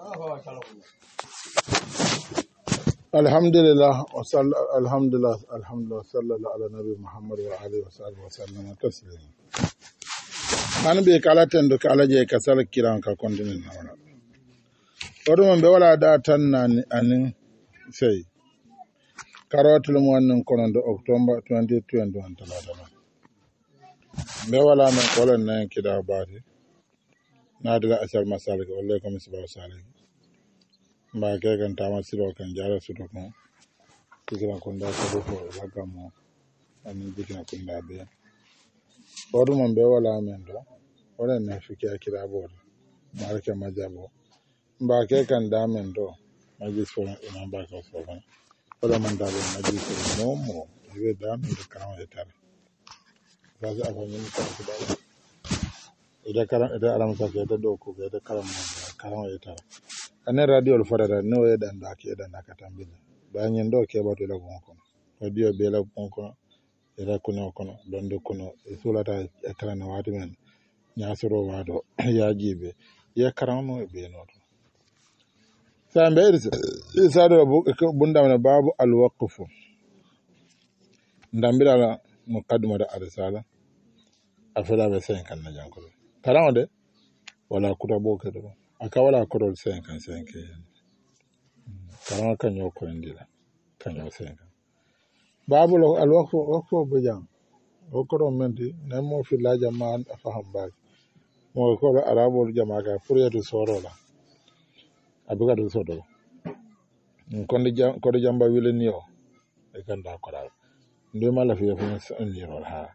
alhamdulillah alhamdulillah alhamdulillah sallallahu ala nabi muhammad wa alihi wa sahbihi wa sallam taslima an be kala tendo kala je ka sal kiran ka kontinu na wala wato man be wala da tan nan anin sai karotul mu wannan konon da october 2021 talata be wala man kolon nan kida bari naadira asal masalik olle komi sibaw salik mba ke kan tama silo kan jara suto kan tikina kunda sabu ko lagamo ani dikina kunda be odu mon be wala men do wala na fiki akira bod marke majabo mba ke kan da men do majis ko ina ba ko so kan wala man da be majis ko momo ibe da men kan wa tare gaza afanyi ko ba ida karam ida alam sake ida do ko ida karam karam ida ane radio lo fara ne o ida nda ke ida nda katambi ba nyen do ke ba to la gonko radio be la gonko ida e kuno kono don do kuno e sulata ekra na wati men nyasoro wado ya jibe ya karam e no be no to sa mbeerse isa do bunda na babu al waqfu ndambira mo kadumada arsala afela be sen kan na jankolo tala onde wala kuta bokeɗo ɗum aka wala korol cinquan cinq talaa kañoo koyndira kañoo cinquan baabul alwaktu waktu obo jam o koro menti nan mo fillaja ma anɗa faham baake mo koro araɓol jamaka pour yetu soorola abigatu soto kondi koɗo jamba wile ni o e ganda koraɓe ndimalafiyafu niror haa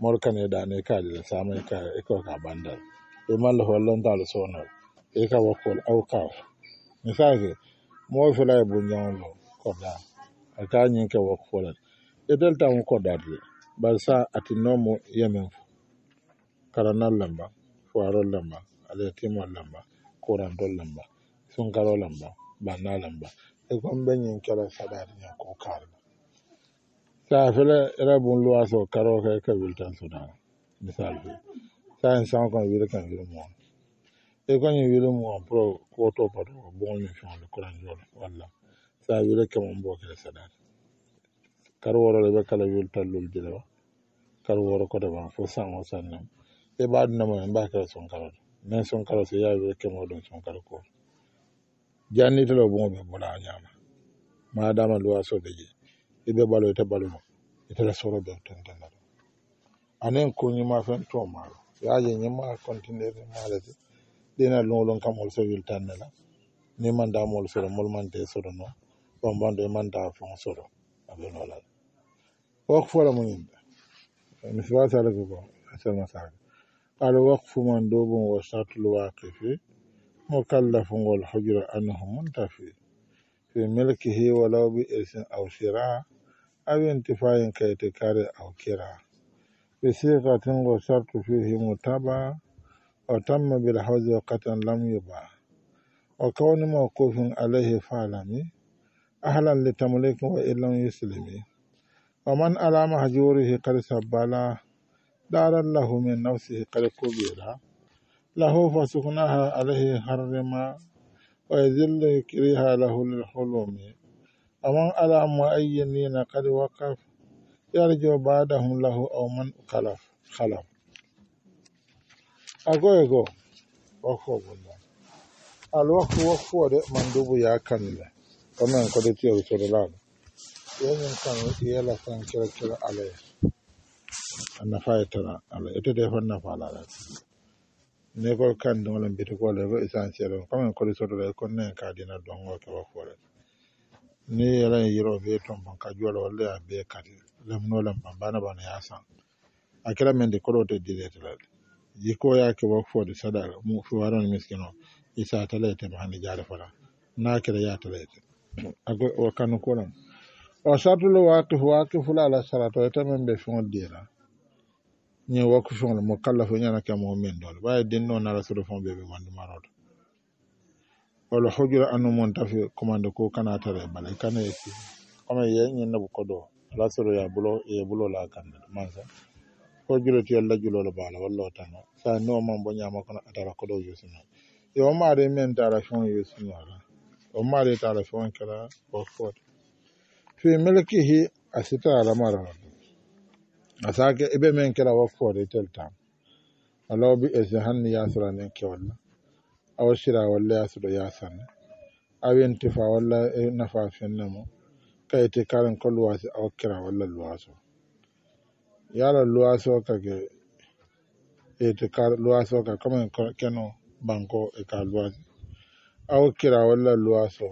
ne da ne kaji da samai ka iko ka banda e mal hollon dal sonal e ka wakol au ka sai mo fula e bunyan lo ko da ka nyin ka wakol e dal ta ko da de ba sa atinomo yemen karana lamba fuwaron lamba alatiman lamba koranton lamba sunkaro lamba banna lamba e kon benyin kala sadari ko karma saafele ra bun luwa so karo ka ka wiltan suna misal bi sa en san kan wiri kan wiri mo e kan yin wiri mo pro ko to pa do bon ni fon le kuran jol wala sa wiri ka mon bo ke sadar karo woro le ka la wiltan lul jele wa karo woro ko da ba fo san o san nam e ba dun mo en ba ka son karo men son karo se ya wiri ka mo don son karo ko janni to bon be bona nyama ma dama luwa so be je ibe balo ite balo mo itele e soro be tentene anen ko nyima fen to malo yaje nyima kontinere malete dina lolo kam ol sewil tanela ni manda mo ol soro mol mante soro no bon bon de manda fon soro abe no la wok fola mo nyimba ni fwa sala go go asal ma sala alo wok fuma ndobo wo satu lo waqifi mo kala fungol hujra anhu muntafi fi milkihi walau bi isin aw shira'a identifying criteria au kira bisika tingo sartu fihi mutaba o tamma bil hawzi waqatan lam yuba o kawni mawqufin alayhi falami ahlan li tamliki wa in lam yuslimi wa man ala mahjurihi qad sabbala daran lahu min nafsihi qad kubira lahu fasuknaha alayhi harrima wa yadhillu kiriha lahu lil hulumi faman ala muayyanina qad waqaf yarju ba'dahum lahu aw man khalaf khalaf agoego wakobulla alwaqfu waqfu de mandubu ya kanle kamen ko de tiyo to de lado yenen kan wati yala san kira kira ale anna fayta e ala ete de fanna fala ala ne ko kan do lan bitu ko le essentiel kamen ko de to de ko ne ka dina do ngo to wakobulla ne yɛla n yɛra o tɔn bɔn ka jɔli o lɛya bɛɛ ka lamino lambam bana bana y'a san a kɛra mɛŋ de o tɛ dile ti la yiko o yaa kɛ wa fɔ de sada mu fuwara ni miskino i saa tala yɛtɛ ba ja de fara n'a kɛra y'a tala yɛtɛ o kanu ko la kolam o sardulo waati waati fula ala sarata o yɛtɛ meŋ be fiŋo deera nyɛ waku fiŋo mo kallafu nyɛ na kɛ mɔgɔ min dɔn b'a ye den dɔ la soro fiŋo bee be mandi marɔ walla hoƴira anndu mon tafi commande ko kana tare bala kana yetti comme ye ñinnabu kodo ala soro ya bulo ye bulo la kanna mansa hoƴiro ti yalla julolo bala walla tanga sa no man bo ñama kono atara kodo yusuna e o maari e men tara fon yusunara o maari e tara fon kala o fot fi melkihi a sita ala mara a sake ibe e men kala wa fot tel tam alobi e jahanni yasra nen kewalla a wasira walla yasuɗo yasanne a wenti fa walla e nafa fenne mo kayte karen ko luwasi a hokkira walla luwaso yala luwaso kage ete kar luwaso ka comme keno banko e ka luwasi a hokkira walla luwaso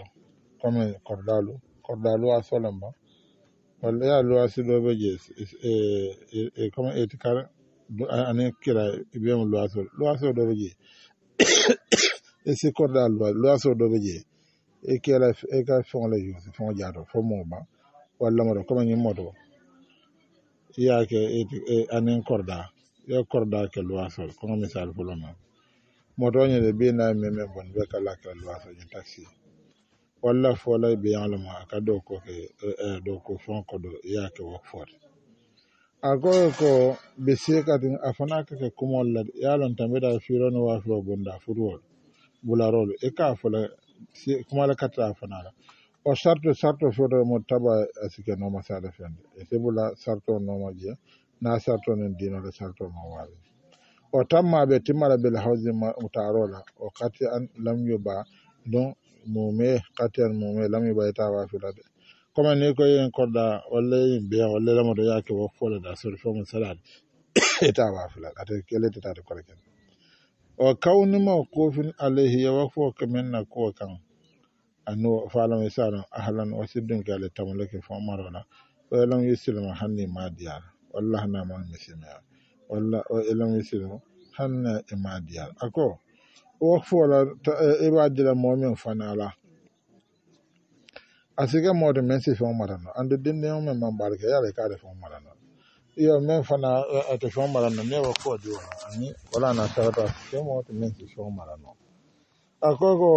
comme kordalu kordalu a solemba walla ya luwasi ɗo ɓe je e comme ete e kar ane kira ɓemo luwaso luwaso ɗo ɓe je e si korda loi loi so do be je e kela e ka fon le yo fon jato fo mo ba walla mo do comme ni moto ya ke e, e anen korda yo korda ke loi so comme misal fulo ma moto ni de bi na me me bon be kala ke loi so ni taxi walla fo bi e be yalo ma ka do ko ke e, e do ko fon ko do ya ke wo fort agoye ko be sekatin a fana kake kumol lad yalon tambeɗa firono wafiro bonda futuwol bularoolu e ka fola kumala katta fanala o sarto sarto foto e mo taba a sike nooma sada fende e se bula sarto nooma jiya na sarto nen dinole sarto ma waawi o tammaɓe timmala bel hawsi mutarola o katti an lamyo ba don mume katti an mume lamyo ba eta wafilade comme ni ko yen koɗɗa walla be walla lamoto yaake wo folada sodi fo mum salade eta wafilade ata kelettetade kora kene wa kawni mawqufin alayhi kamin na ko kan mai sa ran ahlan wa sibdin gale tamlaki fa marona wa lam yuslima hanni ma diyar wallahi na man muslima wallahi wa lam yuslima hanna ma diyar ako wakfu ta eh, ibadila mu'min fanala asiga modo men si fa marana ande dinne men man barke le ka de fa marona iyo min fana attention marano mi wa koo diwa ani wala na tarata sistéme oto min session marano a koko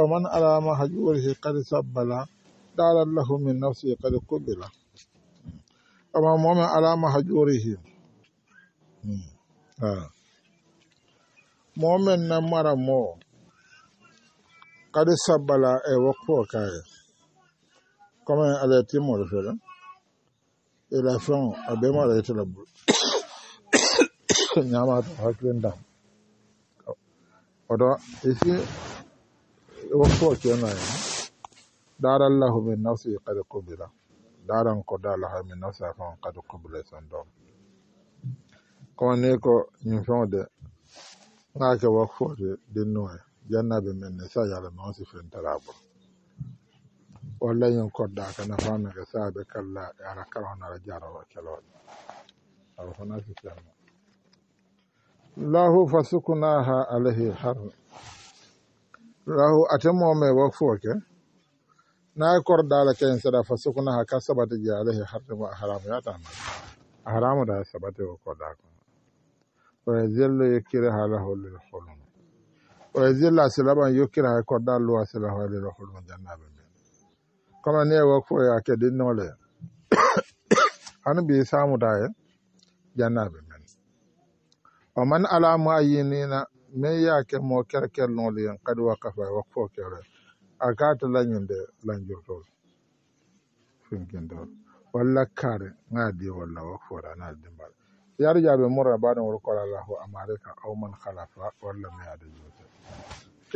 o man alama hajuurihi kadi sabbala daalat lahu min nafsi kadi kubbila hmm. ama moome alama hajuurihi hmm. moomen na mara mo kadi sabbala e wokkoo kaye comme alaye timmoto feɗen e la fin a bee maaɗa yetta labbol ñaamaa to hakkilendam oto e ici e waktuo kenaye daarallahu min nafsi kad kubila daaran ko daalaha min nafsi a fan kad kubila son doom kono ni ko ñin feŋo de ŋaa ke waktuo de dinnuŋe jannaɓe men ne sa yaala mansi fentaraabol walla yon kodda kana fami ke saabe kalla ara kala hono ara jara wa kala wa aw hono fi tan lahu fasukunaha alayhi har lahu atemo me wa foke na korda la ken sada fasukunaha ka sabata ji alayhi har wa haram ya ta ma haram da sabata wa kodda ko wa zillu yakira halahu lil khulun wa zilla silaban yakira kodda lu asila halil khulun jannabi kono ni e wok fo yo keddi noole hono mbi samuda en jannaɓe men o man alamu a yinina min yake mo kerekel nooli en kadi wakkafa e wok fo kere a gata lañinde lañjurtol finkindol walla kare gadi walla wok fore ana dimbal yarjaɓe murra baɗen wor kolallahu amareka au man halafa walla mi ade jote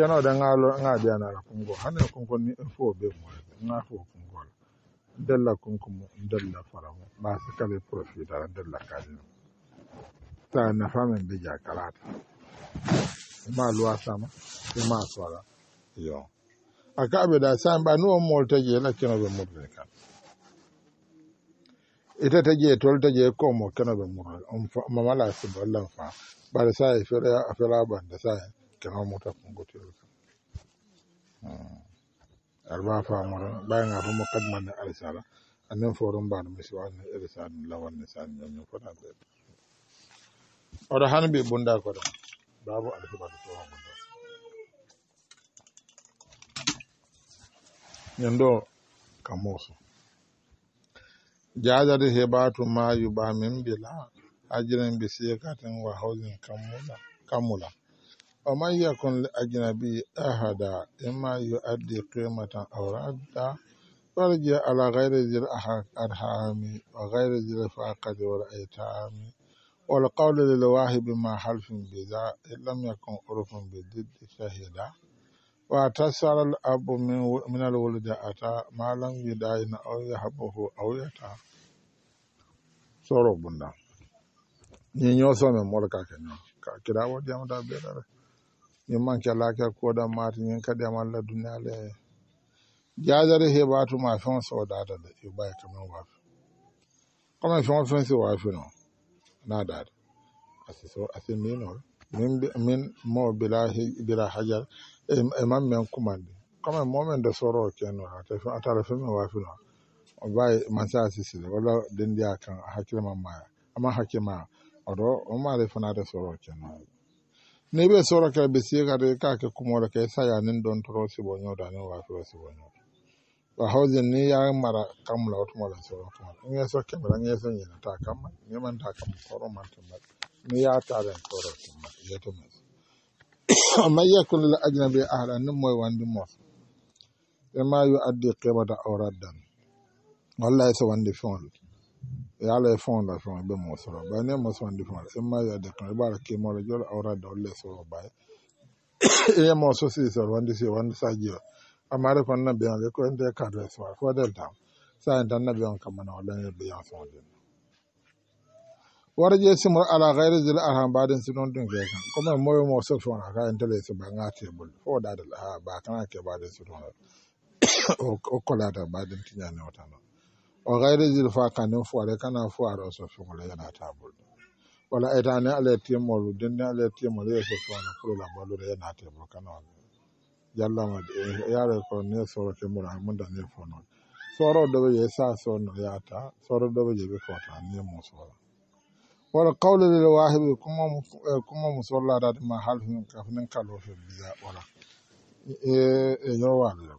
ceno da ŋalo ŋa biya na ra kungo hane kungo ni fo be mo ŋa fo kungo dalla kunkumu dalla faramu ba su kabe profita dalla kajin ta na famin bi ja kalata ma luwa sama ma sara e yo aka abe da san e e ba nuwa mol ta je na kino be mudre ka ita ta je tol ta je ko mo kino be mudre on fa mamala su fa ba da fere a afira ban da sai kano mota kungotir kam hmm. arba fa mara bay nga ba mokad man ni alisa la anen forum ban mi si wal ni alisa ni lawan ni sa ni ñu fota be oro han bi bunda ko da babu alisa ba to ha bunda ñando kamoso jaja de hebatu ma yuba min bila ajiran bi sekatin wa hawzin kamula kamula ومن يكن لأجنبي أحدا إما يؤدي قيمة أو ردا ورجع على غير ذي الأرحام وغير ذي الفاقد والأيتام والقول للواهب ما حلف بذا إن لم يكن عرف بالضد شهدا واتسر الأب من, من الولد أتى ما لم يداين أو يحبه أو يتا سورة بنا ñoo soome mo la نيو سومي مولكا كنا كدا وديام دا بيدار yimman kelake koɗan mata ñin kadi amalla duniyala e jajare heɓa tuma feŋ sodata de yo ɓaye kamen wafi komin feŋo feŋ si wafino a asiso asi minol min min mo bila bila hajar e, e man men kumandi komin momen de soro keno atara feŋ min wafino o ɓaye mansa asisile walla dendiya kan hakkille man maya ama hakkille ma oɗo o maari fanade soro keno ne ɓe sorake ɓe siye kade kake kumole ke saya nin don toro sibo ñoda ni wafiro sibo ñoda ɓa hawsin ni ya mara kamla otumala sorotumala ngeso kemra ngeso ñinata kamma ñimanta kam koro mantumat ni ya taren koro tumat yetumes amma yakun lil ajnabi ahlan ni moy wandi mos e ma yu addi qibata awraddan wallahi so wandi fewol ɓe ala e fondation ɓe mosoro ɓay ne mosoro ndi fonda sen maji a dekkan ɓe ɓaara kimore joɗo awrade o le soro bay yemo sosisol wandi si wandi sa jiro amare kon na biyon ge ko ende kadre soir fo del dam sa en tan na biyon kam na wala ne biyon so den wara je simul ala ghayri zil arham baden sinon dun ge kan ko ma moyo mo so fo na ka en tele so ba ngati e bul fo dadal ha ba kan ke baden sinon o ko la da baden tinya ne otano o gayre jiri fa kane fuare kana fuare o so fiŋole yana tabul wala etane ala timol denne ala timol ye so fiŋole kuro la balu re yana tabul kana wala yalla ma de eh, yare ko ne soro ke mura munda ne fono soro dobe ye sa so no yata soro dobe ye be ko ta ne mo soro wala qawlu lil wahib kuma eh, kuma musalla da ma halfin kafin kalofin biya wala e e yo wala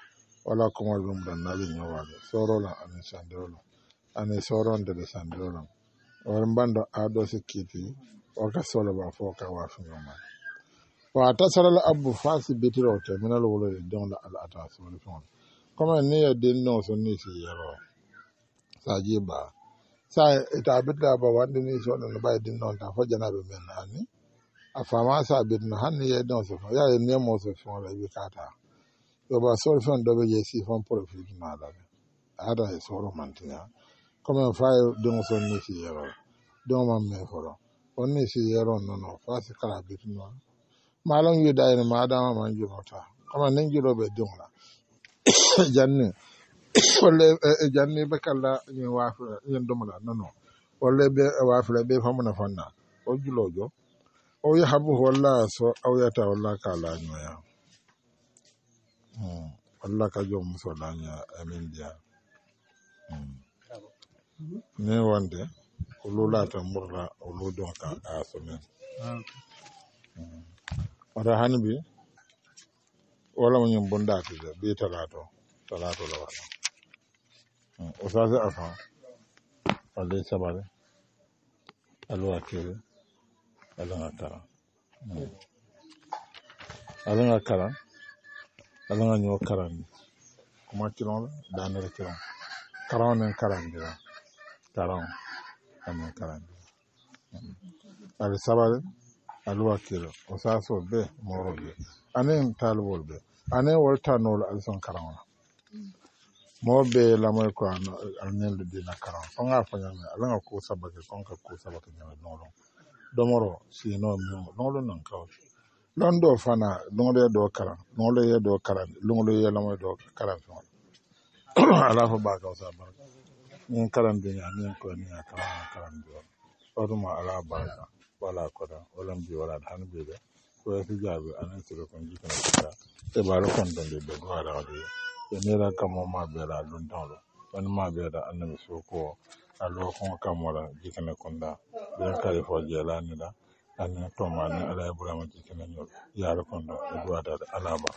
wala kuma ɗum ɗon naɓe ñowaɓe sorola amin sandirola ani sorondede sandirolam on mbanɗo aɗo sikkiti oka soloba fo ka wafuñoma wa tasarala abbu fa sibbitirowte minal wolode jonla al ata soli fon comme ni yo dinno so ni si yero sa jiba sa ita bitla ba wandini soɗo no ɓawi dinnonta fo janaɓe men anni a fama sa bitno hanni yeyɗon so fon ya nemo so fonla wi kata yoba sol fen dobe je si fon profit mala ¿eh? ada e soro mantinya come fa don son ni si yero don man me foro on ni si yero no no fa si kala bit no malon yu dai ne ma da ma ju mota kuma nen ju robe don la janne wala janne be kala ni wa fa ni domala no no wala be waa fa be fa mun fa na o julojo o ya eh, habu wala so o ya ta wala kala no ya Hmm. allah ka jom muso la lanya amin biya hmm. ne wande olu lata murra olu don ka a hmm. o wata hannu bi wala mun yin bunda ti je bi talato talato da wata usazi afa alle sabare alwa kere alwa kara alwa kara alanga ñoo karandi kuma kiron la daanere kiron karan nen karandira karan mm. anen karandira ali sabale aluwa kiro o saaso be moro be anen taalowol be anen wol tannoolu ali son karan la moo be lamoy ko ala nelu dina karan fanga fañame alanga kuu sabake konka kuu sabake ñame noolon domoro sinoo mio noolu nan kawti don do fana luŋolo e ye doo kalan luŋolo ye doo kalan ye lamo kalan ala fo baa kaw saa baraka niŋ kalan bi ñaa niŋ ko niŋ a kalan niŋ kalan bi o tuma ala wala wala bi wala bi ko jaabi ji e baaro kontoŋ de be ko hadamadi ye a wani alama tom alin alaya burama jirgin na ɗauke yalo kama na da alama.